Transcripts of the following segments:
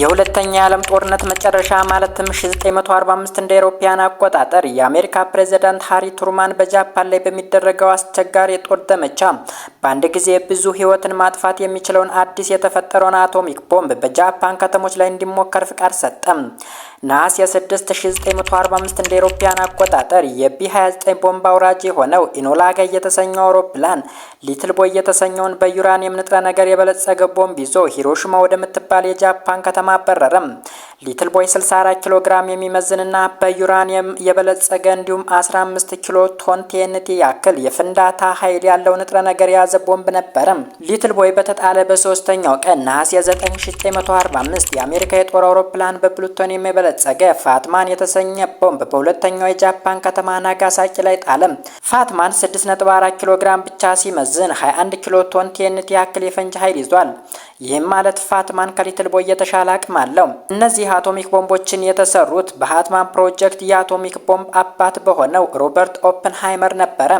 የሁለተኛ የዓለም ጦርነት መጨረሻ ማለትም 1945 እንደ አውሮፓውያን አቆጣጠር የአሜሪካ ፕሬዚዳንት ሃሪ ትሩማን በጃፓን ላይ በሚደረገው አስቸጋሪ የጦር ዘመቻ በአንድ ጊዜ ብዙ ሕይወትን ማጥፋት የሚችለውን አዲስ የተፈጠረውን አቶሚክ ቦምብ በጃፓን ከተሞች ላይ እንዲሞከር ፍቃድ ሰጠም። ነሐሴ 6 1945 እንደ አውሮፓውያን አቆጣጠር የቢ 29 ቦምብ አውራጅ የሆነው ኢኖላጋ የተሰኘው አውሮፕላን ሊትል ቦይ የተሰኘውን በዩራኒየም ንጥረ ነገር የበለጸገ ቦምብ ይዞ ሂሮሽማ ወደምትባል የጃፓን ከተማ रम ሊትል ቦይ 64 ኪሎ ግራም የሚመዝንና በዩራኒየም የበለጸገ እንዲሁም 15 ኪሎ ቶን ቲኤንቲ ያክል የፍንዳታ ኃይል ያለው ንጥረ ነገር የያዘ ቦምብ ነበረም። ሊትል ቦይ በተጣለ በሶስተኛው ቀን ነሐሴ 9945 የአሜሪካ የጦር አውሮፕላን በፕሉቶኒየም የበለጸገ ፋትማን የተሰኘ ቦምብ በሁለተኛው የጃፓን ከተማ ናጋሳኪ ላይ ጣለም። ፋትማን 6.4 ኪሎ ግራም ብቻ ሲመዝን 21 ኪሎ ቶን ቲኤንቲ ያክል የፈንጂ ኃይል ይዟል። ይህም ማለት ፋትማን ከሊትል ቦይ የተሻለ አቅም አለው። እነዚህ እነዚህ አቶሚክ ቦምቦችን የተሰሩት በሃትማን ፕሮጀክት የአቶሚክ ቦምብ አባት በሆነው ሮበርት ኦፕንሃይመር ነበረ።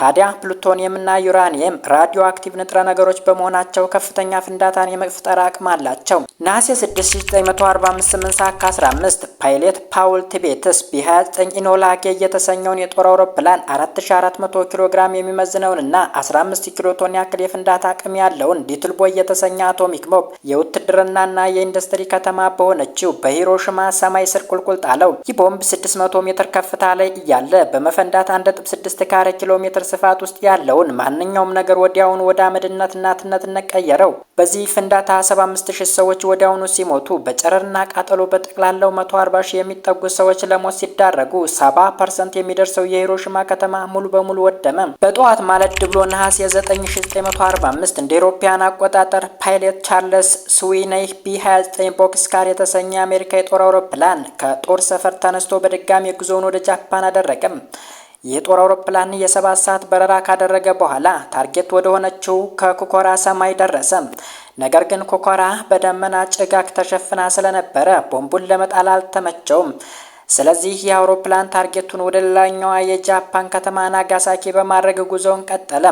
ታዲያ ፕሉቶኒየምና ዩራኒየም ራዲዮ አክቲቭ ንጥረ ነገሮች በመሆናቸው ከፍተኛ ፍንዳታን የመፍጠር አቅም አላቸው። ነሐሴ 6945 ከ15 ፓይሌት ፓውል ቲቤትስ ቢ29 ኢኖላጌ የተሰኘውን የጦር አውሮፕላን 4400 ኪሎ ግራም የሚመዝነውንና 15 ኪሎ ቶን ያክል የፍንዳታ አቅም ያለውን ሊትል የተሰኘ አቶሚክ ቦምብ የውትድርናና የኢንዱስትሪ ከተማ በሆነችው ዩኤስዩ በሂሮሽማ ሰማይ ስር ቁልቁል ጣለው። ይህ ቦምብ 600 ሜትር ከፍታ ላይ እያለ በመፈንዳት 1.6 ካሬ ኪሎ ሜትር ስፋት ውስጥ ያለውን ማንኛውም ነገር ወዲያውን ወደ አመድነት እናትነት ነቀየረው። በዚህ ፍንዳታ 75000 ሰዎች ወዲያውኑ ሲሞቱ በጨረርና ቃጠሎ በጠቅላላው 140 የሚጠጉ ሰዎች ለሞት ሲዳረጉ 70 የሚደርሰው የሂሮሽማ ከተማ ሙሉ በሙሉ ወደመ። በጠዋት ማለት ድብሎ ነሐሴ 9945 እንደ ኤሮፓያን አቆጣጠር ፓይለት ቻርለስ ስዊነይ ቢ29 ካር የተሰኘ አሜሪካ የጦር አውሮፕላን ከጦር ሰፈር ተነስቶ በድጋሚ ጉዞውን ወደ ጃፓን አደረገም። የጦር አውሮፕላን የሰባት ሰዓት በረራ ካደረገ በኋላ ታርጌት ወደ ሆነችው ከኮኮራ ሰማይ ደረሰ። ነገር ግን ኮኮራ በደመና ጭጋግ ተሸፍና ስለነበረ ቦምቡን ለመጣል አልተመቸውም። ስለዚህ የአውሮፕላን ታርጌቱን ወደ ሌላኛዋ የጃፓን ከተማ ናጋሳኪ በማድረግ ጉዞውን ቀጠለ።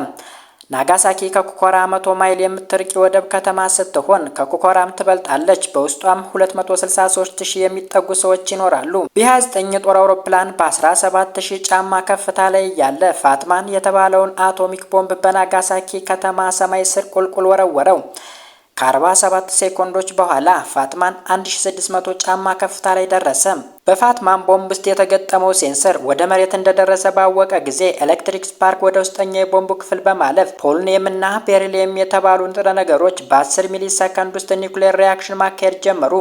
ናጋሳኪ ከኩኮራ መቶ ማይል የምትርቅ የወደብ ከተማ ስትሆን ከኩኮራም ትበልጣለች። በውስጧም 263 ሺህ የሚጠጉ ሰዎች ይኖራሉ። ቢ29 የጦር አውሮፕላን በ17 ሺህ ጫማ ከፍታ ላይ እያለ ፋትማን የተባለውን አቶሚክ ቦምብ በናጋሳኪ ከተማ ሰማይ ስር ቁልቁል ወረወረው። ከ47 ሴኮንዶች በኋላ ፋትማን 1600 ጫማ ከፍታ ላይ ደረሰ። በፋትማን ቦምብ ውስጥ የተገጠመው ሴንሰር ወደ መሬት እንደደረሰ ባወቀ ጊዜ ኤሌክትሪክ ስፓርክ ወደ ውስጠኛ የቦምቡ ክፍል በማለፍ ፖልኒየም እና ቤሪሊየም የተባሉ ንጥረ ነገሮች በ10 ሚሊ ሰከንድ ውስጥ ኒውክሌር ሪያክሽን ማካሄድ ጀመሩ።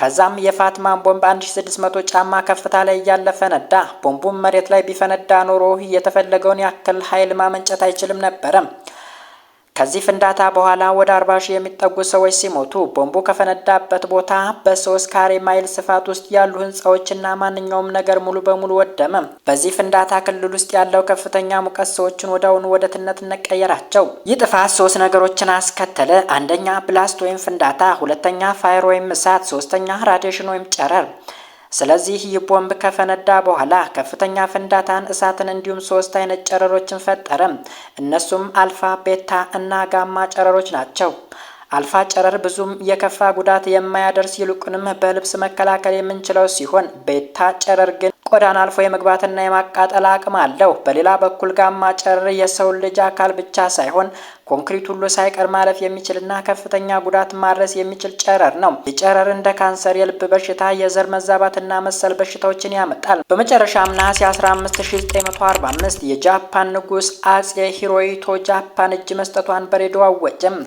ከዛም የፋትማን ቦምብ 1600 ጫማ ከፍታ ላይ እያለ ፈነዳ። ቦምቡም መሬት ላይ ቢፈነዳ ኖሮ የተፈለገውን ያክል ኃይል ማመንጨት አይችልም ነበረም። ከዚህ ፍንዳታ በኋላ ወደ 40 ሺህ የሚጠጉ ሰዎች ሲሞቱ ቦምቡ ከፈነዳበት ቦታ በሶስት ካሬ ማይል ስፋት ውስጥ ያሉ ህንፃዎችና ማንኛውም ነገር ሙሉ በሙሉ ወደመ። በዚህ ፍንዳታ ክልል ውስጥ ያለው ከፍተኛ ሙቀት ሰዎችን ወዳውኑ ወደ ትነትነት ቀየራቸው። ይህ ጥፋት ሶስት ነገሮችን አስከተለ። አንደኛ ብላስት ወይም ፍንዳታ፣ ሁለተኛ ፋየር ወይም እሳት፣ ሶስተኛ ራዲሽን ወይም ጨረር። ስለዚህ ይህ ቦምብ ከፈነዳ በኋላ ከፍተኛ ፍንዳታን፣ እሳትን እንዲሁም ሶስት አይነት ጨረሮችን ፈጠረ። እነሱም አልፋ፣ ቤታ እና ጋማ ጨረሮች ናቸው። አልፋ ጨረር ብዙም የከፋ ጉዳት የማያደርስ ይልቁንም በልብስ መከላከል የምንችለው ሲሆን ቤታ ጨረር ግን ቆዳን አልፎ የመግባትና የማቃጠል አቅም አለው። በሌላ በኩል ጋማ ጨር የሰውን ልጅ አካል ብቻ ሳይሆን ኮንክሪት ሁሉ ሳይቀር ማለፍ የሚችልና ከፍተኛ ጉዳት ማድረስ የሚችል ጨረር ነው። የጨረር እንደ ካንሰር፣ የልብ በሽታ፣ የዘር መዛባትና መሰል በሽታዎችን ያመጣል። በመጨረሻም ነሐሴ 15945 የጃፓን ንጉሥ አጼ ሂሮይቶ ጃፓን እጅ መስጠቷን በሬዲዮ አወጀም።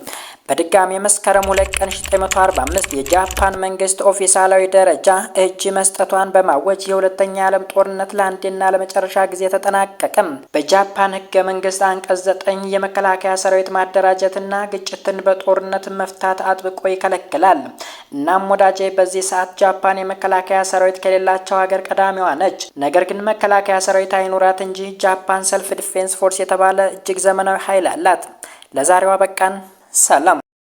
በድጋሚ መስከረም 2 ቀን 1945 የጃፓን መንግስት ኦፊሳላዊ ደረጃ እጅ መስጠቷን በማወጅ የሁለተኛ ዓለም ጦርነት ለአንዴና ለመጨረሻ ጊዜ ተጠናቀቀም። በጃፓን ህገ መንግስት አንቀጽ 9 የመከላከያ ሰራዊት ማደራጀትና ግጭትን በጦርነት መፍታት አጥብቆ ይከለክላል። እናም ወዳጄ በዚህ ሰዓት ጃፓን የመከላከያ ሰራዊት ከሌላቸው ሀገር ቀዳሚዋ ነች። ነገር ግን መከላከያ ሰራዊት አይኑራት እንጂ ጃፓን ሰልፍ ዲፌንስ ፎርስ የተባለ እጅግ ዘመናዊ ኃይል አላት። ለዛሬዋ በቃን። Selam.